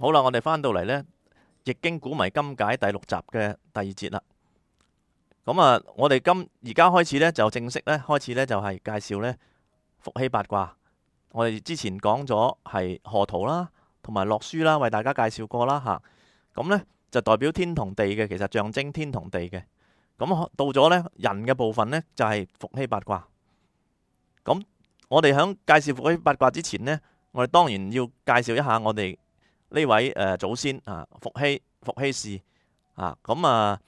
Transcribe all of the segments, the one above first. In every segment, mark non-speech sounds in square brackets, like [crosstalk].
好啦，我哋翻到嚟呢《易經古謎今解》第六集嘅第二節啦。咁、嗯、啊，我哋今而家開始呢，就正式呢開始呢，就係介紹呢「伏羲八卦」。我哋之前講咗係河圖啦，同埋洛書啦，為大家介紹過啦吓。咁、嗯、呢、嗯、就代表天同地嘅，其實象徵天同地嘅。咁、嗯、到咗呢，人嘅部分呢，就係伏羲八卦。咁、嗯、我哋喺介紹伏羲八卦之前呢，我哋當然要介紹一下我哋。呢位誒祖先啊，伏羲伏羲氏啊，咁啊，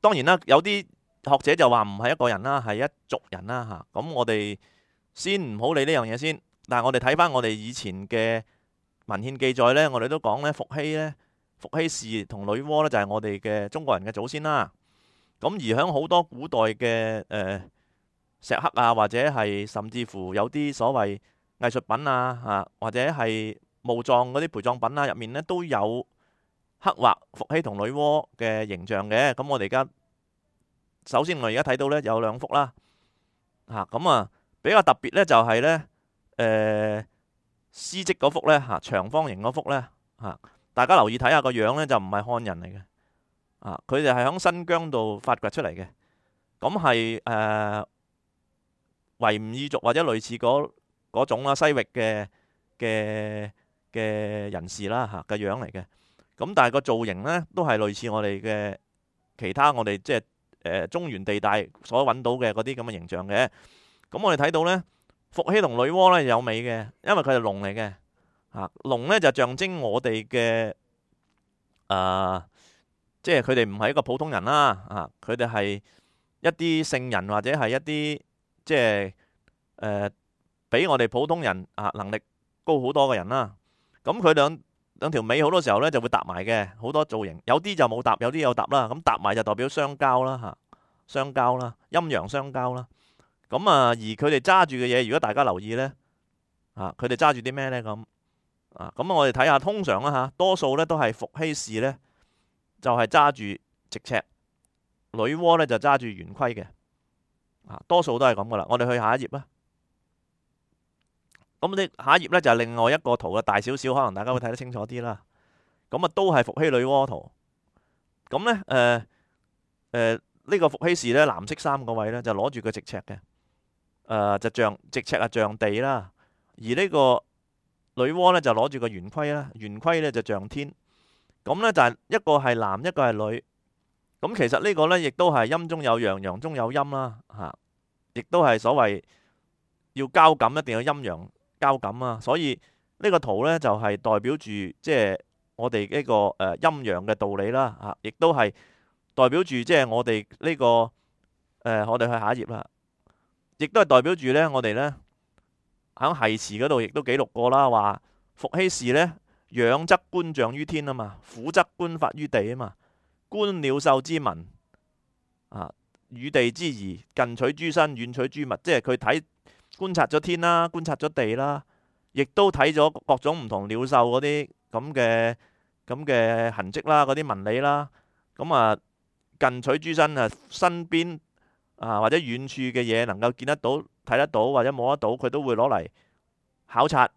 當然啦，有啲學者就話唔係一個人啦，係一族人啦嚇。咁我哋先唔好理呢樣嘢先。但係我哋睇翻我哋以前嘅文獻記載呢，我哋都講呢，伏羲呢，伏羲氏同女媧呢，就係我哋嘅中國人嘅祖先啦。咁而喺好多古代嘅誒、呃、石刻啊，或者係甚至乎有啲所謂藝術品啊，啊，嚇或者係。墓葬嗰啲陪葬品啊，入面呢都有刻畫伏羲同女媧嘅形象嘅。咁、嗯、我哋而家首先我而家睇到呢有兩幅啦，嚇，咁啊，啊比較特別呢就係、是、呢誒絲織嗰幅呢，嚇、啊、長方形嗰幅呢。嚇、啊，大家留意睇下、這個樣呢，就唔係漢人嚟嘅，啊佢哋係喺新疆度發掘出嚟嘅，咁係誒維吾爾族或者類似嗰種啦、啊、西域嘅嘅嘅人士啦，吓嘅樣嚟嘅，咁但係個造型呢，都係類似我哋嘅其他我哋即係誒、呃、中原地帶所揾到嘅嗰啲咁嘅形象嘅。咁、嗯、我哋睇到呢，伏羲同女媧呢，有尾嘅，因為佢係龍嚟嘅，啊龍呢就象徵我哋嘅啊，即係佢哋唔係一個普通人啦，啊佢哋係一啲聖人或者係一啲即係誒、呃、比我哋普通人啊能力高好多嘅人啦。咁佢兩兩條尾好多時候咧就會搭埋嘅，好多造型，有啲就冇搭，有啲有搭啦。咁搭埋就代表相交、啊、相交啦，吓相交啦，陰陽相交啦。咁啊，而佢哋揸住嘅嘢，如果大家留意呢，啊，佢哋揸住啲咩呢？咁，啊，咁我哋睇下通常啦吓、啊，多數呢都係伏羲氏呢，就係揸住直尺，女媧呢就揸住圓規嘅，多數都係咁噶啦。我哋去下一頁啦。咁你下一頁咧就係、是、另外一個圖嘅大少少，可能大家會睇得清楚啲啦。咁啊都係伏羲女媧圖。咁咧，誒、呃、誒、呃、這個、呢個伏羲氏咧藍色衫個位咧就攞、是、住個直尺嘅，誒、呃、就象直尺啊，象地啦。而呢個女媧咧就攞住個圓規啦，圓規咧就象天。咁咧就係、是、一個係男，一個係女。咁其實個呢個咧亦都係陰中有陽，陽中有陰啦吓，亦都係所謂要交感一定要陰陽。交感啊，所以呢個圖呢，就係代表住即係我哋呢個誒陰陽嘅道理啦，啊，亦都係代表住即係我哋呢個誒、呃，我哋去下一頁啦，亦、啊、都係代表住呢，我哋呢喺繫辭嗰度亦都記錄過啦，話伏羲氏呢，仰則觀象於天啊嘛，俯則觀法於地啊嘛，觀鳥獸之文啊，與地之宜，近取諸身，遠取諸物，即係佢睇。觀察咗天啦，觀察咗地啦，亦都睇咗各種唔同鳥獸嗰啲咁嘅咁嘅痕跡啦，嗰啲紋理啦，咁啊近取諸身啊，身邊啊，身邊啊或者遠處嘅嘢能夠見得到、睇得到或者摸得到，佢都會攞嚟考察，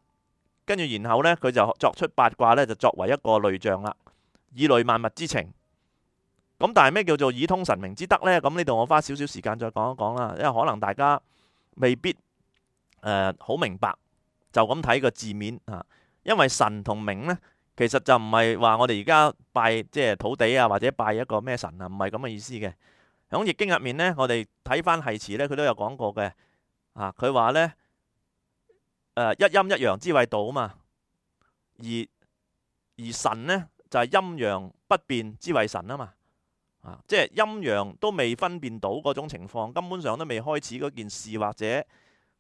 跟住然後呢，佢就作出八卦呢，就作為一個類象啦，以類萬物之情。咁但係咩叫做以通神明之德呢？咁呢度我花少少時間再講一講啦，因為可能大家未必。誒，好、呃、明白，就咁睇個字面吓、啊，因為神同明」呢，其實就唔係話我哋而家拜即係土地啊，或者拜一個咩神啊，唔係咁嘅意思嘅。喺《易經》入面呢，我哋睇翻繫詞呢，佢都有講過嘅啊。佢話呢，啊「誒，一陰一陽之謂道啊嘛，而而神呢，就係陰陽不變之謂神啊嘛啊，即係陰陽都未分辨到嗰種情況，根本上都未開始嗰件事或者。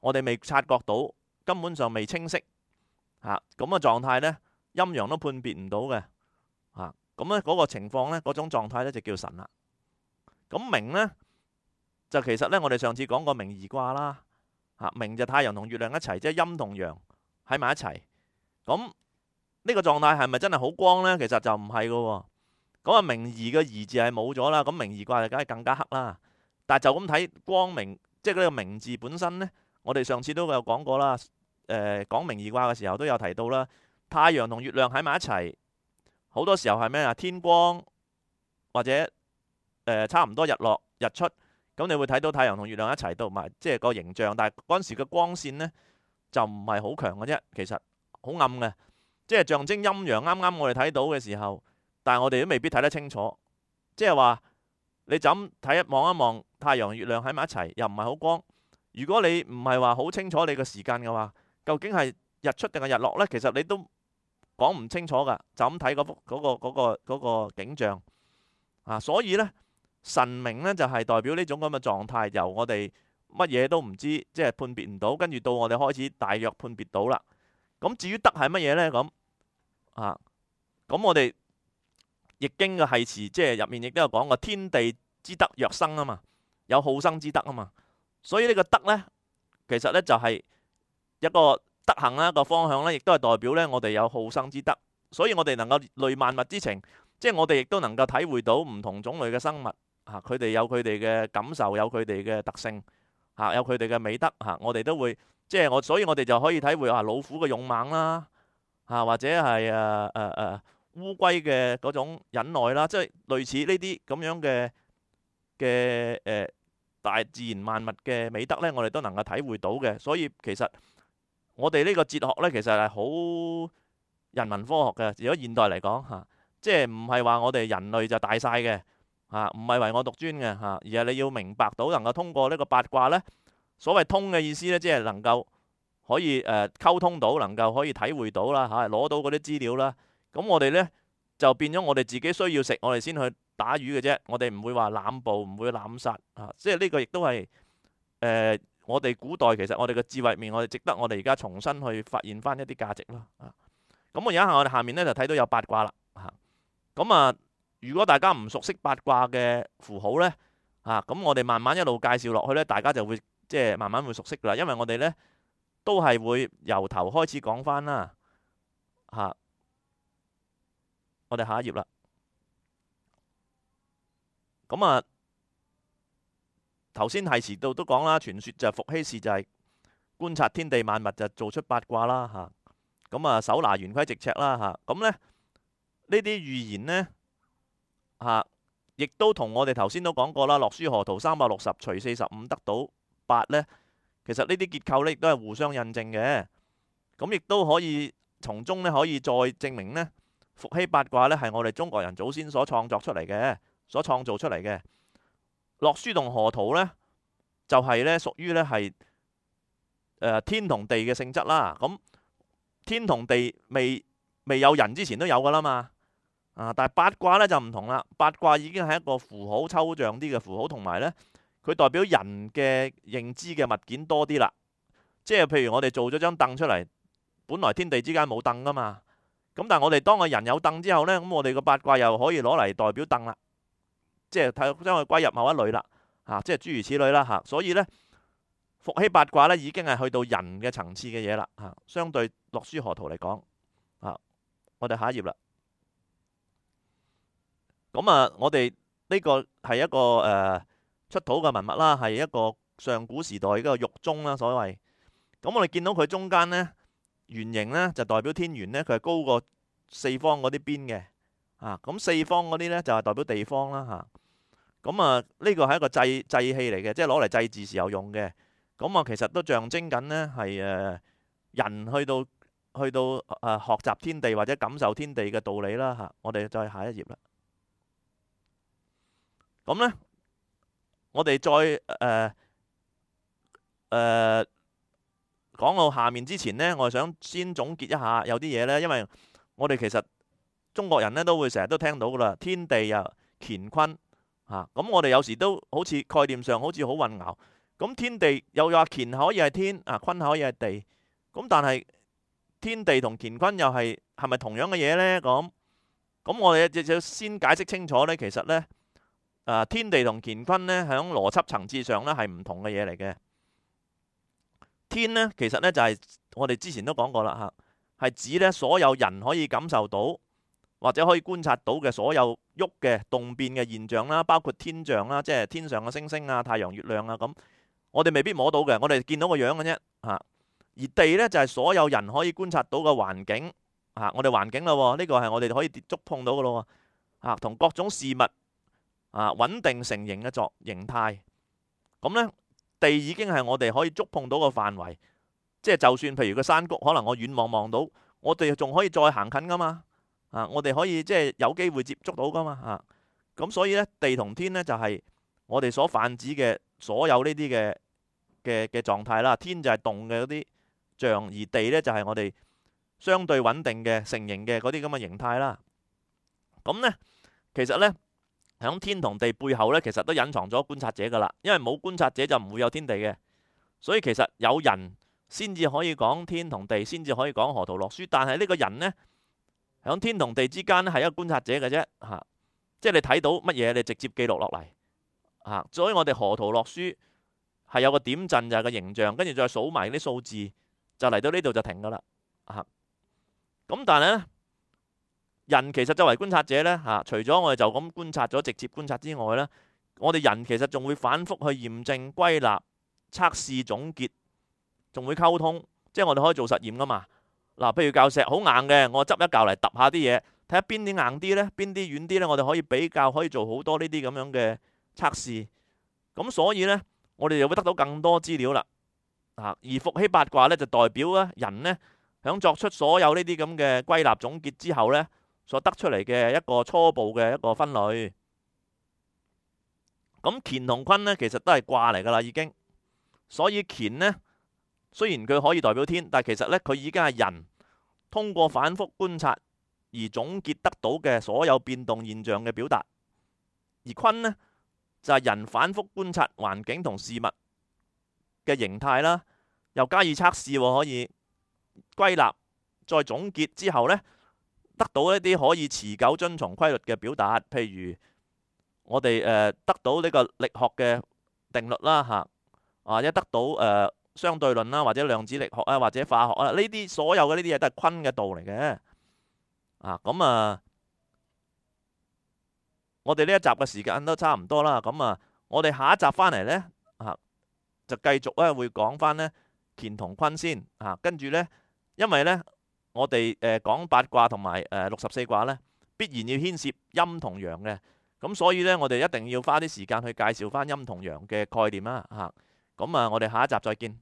我哋未察覺到，根本上未清晰吓咁嘅狀態咧，陰、啊、陽都判別唔到嘅吓。咁、啊、咧、那個情況呢，嗰種狀態呢，就叫神啦。咁、啊、明呢，就其實呢，我哋上次講過明夷卦啦吓、啊，明就太陽同月亮一齊，即係陰同陽喺埋一齊。咁、啊、呢、這個狀態係咪真係好光呢？其實就唔係噶。咁、那、啊、個，明夷嘅夷字係冇咗啦。咁明夷卦就梗係更加黑啦。但係就咁睇光明，即係呢個明字本身呢。我哋上次都有講過啦，誒講明夷卦嘅時候都有提到啦，太陽同月亮喺埋一齊，好多時候係咩啊？天光或者誒、呃、差唔多日落、日出，咁你會睇到太陽同月亮一齊到埋，即係個形象。但係嗰陣時嘅光線呢，就唔係好強嘅啫，其實好暗嘅，即係象徵陰陽。啱啱我哋睇到嘅時候，但係我哋都未必睇得清楚，即係話你就咁睇一望一望，太陽、月亮喺埋一齊，又唔係好光。如果你唔係話好清楚你個時間嘅話，究竟係日出定係日落呢？其實你都講唔清楚噶，就咁睇嗰幅、嗰個、嗰個、嗰個景象啊。所以呢，神明呢就係、是、代表呢種咁嘅狀態，由我哋乜嘢都唔知，即係判別唔到，跟住到我哋開始大約判別到啦。咁至於德係乜嘢呢？咁啊，咁、啊嗯、我哋易經嘅繫辭，即係入面亦都有講過天地之德，若生啊嘛，有好生之德啊嘛。所以呢個德呢，其實呢就係一個德行啦，一個方向呢，亦都係代表呢我哋有好生之德。所以我哋能夠類萬物之情，即係我哋亦都能夠體會到唔同種類嘅生物，吓佢哋有佢哋嘅感受，有佢哋嘅特性，吓有佢哋嘅美德，吓我哋都會，即係我，所以我哋就可以體會啊老虎嘅勇猛啦，吓或者係誒誒誒烏龜嘅嗰種忍耐啦，即係類似呢啲咁樣嘅嘅誒。大自然萬物嘅美德呢，我哋都能夠體會到嘅。所以其實我哋呢個哲學呢，其實係好人文科學嘅。如果現代嚟講嚇，即係唔係話我哋人類就大晒嘅嚇，唔係唯我獨尊嘅嚇，而係你要明白到能夠通過呢個八卦呢，所謂通嘅意思呢，即係能夠可以誒溝通到，能夠可以體會到啦嚇，攞到嗰啲資料啦。咁我哋呢，就變咗我哋自己需要食，我哋先去。打魚嘅啫，我哋唔會話濫捕，唔會濫殺啊！即係呢個亦都係誒，我哋古代其實我哋嘅智慧面，我哋值得我哋而家重新去發現翻一啲價值啦咁、啊、我而家下我哋下面呢，就睇到有八卦啦嚇！咁啊，如果大家唔熟悉八卦嘅符號呢，嚇、啊，咁我哋慢慢一路介紹落去呢，大家就會即係慢慢會熟悉噶啦。因為我哋呢，都係會由頭開始講返啦嚇，我哋下一頁啦。咁啊，頭先係遲到都講啦，傳說就係、伏羲氏就係觀察天地萬物就做出八卦啦吓，咁啊，啊手拿圓規直尺啦吓，咁咧呢啲預言呢，吓、啊，亦都同我哋頭先都講過啦，《洛書河圖》三百六十除四十五得到八呢，其實呢啲結構呢，亦都係互相印證嘅，咁、啊、亦都可以從中呢，可以再證明呢「伏羲八卦呢，係我哋中國人祖先所創作出嚟嘅。所創造出嚟嘅《洛書》同《河圖》呢，就係呢屬於呢係天同地嘅性質啦。咁天同地未未有人之前都有噶啦嘛啊，但係八卦呢就唔同啦。八卦已經係一個符號，抽象啲嘅符號，同埋呢，佢代表人嘅認知嘅物件多啲啦。即係譬如我哋做咗張凳出嚟，本來天地之間冇凳噶嘛，咁但係我哋當個人有凳之後呢，咁我哋個八卦又可以攞嚟代表凳啦。即係睇，將佢歸入某一類啦，吓，即係諸如此類啦，吓。所以呢，伏羲八卦咧已經係去到人嘅層次嘅嘢啦，吓。相對洛書河圖嚟講，啊，我哋下一頁啦。咁啊，我哋呢個係一個誒、呃、出土嘅文物啦，係一個上古時代嗰個玉琮啦，所謂。咁我哋見到佢中間呢圓形呢，就代表天圓呢，佢係高過四方嗰啲邊嘅。啊，咁四方嗰啲呢，就係、是、代表地方啦吓。咁啊，呢個係一個祭祭器嚟嘅，即係攞嚟祭祀時有用嘅。咁啊，其實都象徵緊呢，係誒、呃、人去到去到誒、啊、學習天地或者感受天地嘅道理啦吓、啊。我哋再下一頁啦。咁、啊、呢，我哋再誒誒、呃呃、講到下面之前呢，我想先總結一下有啲嘢呢，因為我哋其實。中國人咧都會成日都聽到噶啦，天地又啊、乾坤嚇咁。我哋有時都好似概念上好似好混淆咁、啊。天地又話，乾可以係天啊，坤可以係地咁、啊，但係天地同乾坤又係係咪同樣嘅嘢呢？咁、啊、咁，我哋就要先解釋清楚呢。其實呢，啊，天地同乾坤呢，喺邏輯層次上呢係唔同嘅嘢嚟嘅。天呢，其實呢就係、係、我哋之前都講過啦嚇，係、啊、指呢所有人可以感受到，或者可以觀察到嘅所有喐嘅動變嘅現象啦，包括天象啦，即係天上嘅星星啊、太陽、月亮啊咁。我哋未必摸到嘅，我哋見到個樣嘅啫。嚇、啊，而地呢，就係、是、所有人可以觀察到嘅環境。嚇、啊，我哋環境啦，呢個係我哋可以觸碰到嘅咯。嚇、啊，同各種事物啊穩定成型嘅作形態咁呢，地已經係我哋可以觸碰到嘅範圍。即係就算譬如個山谷，可能我遠望望到，我哋仲可以再行近噶嘛。 [music] 啊！我哋可以即係有機會接觸到噶嘛？啊，咁所以呢，地同天呢就係、是、我哋所泛指嘅所有呢啲嘅嘅嘅狀態啦。天就係動嘅嗰啲象，而地呢就係我哋相對穩定嘅成形嘅嗰啲咁嘅形態啦。咁、啊、呢，其實呢，響天同地背後呢，其實都隱藏咗觀察者噶啦。因為冇觀察者就唔會有天地嘅。所以其實有人先至可以講天同地，先至可以講河圖洛書。但係呢個人呢，響天同地之間咧，係一個觀察者嘅啫，吓，即係你睇到乜嘢，你直接記錄落嚟，吓，所以我哋河圖洛書係有個點陣，就係個形象，跟住再數埋啲數字，就嚟到呢度就停噶啦，吓。咁但係咧，人其實作為觀察者咧，吓，除咗我哋就咁觀察咗直接觀察之外咧，我哋人其實仲會反覆去驗證、歸納、測試、總結，仲會溝通，即係我哋可以做實驗噶嘛。嗱，譬如教石好硬嘅，我執一嚿嚟揼下啲嘢，睇下邊啲硬啲呢？邊啲軟啲呢？我哋可以比較，可以做好多呢啲咁樣嘅測試。咁所以呢，我哋就會得到更多資料啦。而伏羲八卦呢，就代表啊人呢，響作出所有呢啲咁嘅歸納總結之後呢，所得出嚟嘅一個初步嘅一個分類。咁乾同坤呢，其實都係卦嚟噶啦，已經。所以乾呢。雖然佢可以代表天，但其實呢，佢已經係人通過反覆觀察而總結得到嘅所有變動現象嘅表達。而坤呢，就係、是、人反覆觀察環境同事物嘅形態啦，又加以測試，可以歸納再總結之後呢，得到一啲可以持久遵從規律嘅表達。譬如我哋誒、呃、得到呢個力學嘅定律啦，吓啊一得到誒。呃相對論啦，或者量子力學啊，或者化學啊，呢啲所有嘅呢啲嘢都係坤嘅道嚟嘅啊。咁啊，我哋呢一集嘅時間都差唔多啦。咁啊，我哋下一集翻嚟呢，啊，就繼續咧會講翻呢乾同坤先啊。跟住呢，因為呢，我哋誒講八卦同埋誒六十四卦呢，必然要牽涉陰同陽嘅。咁、啊、所以呢，我哋一定要花啲時間去介紹翻陰同陽嘅概念啦。嚇、啊，咁啊，啊，我哋下一集再見。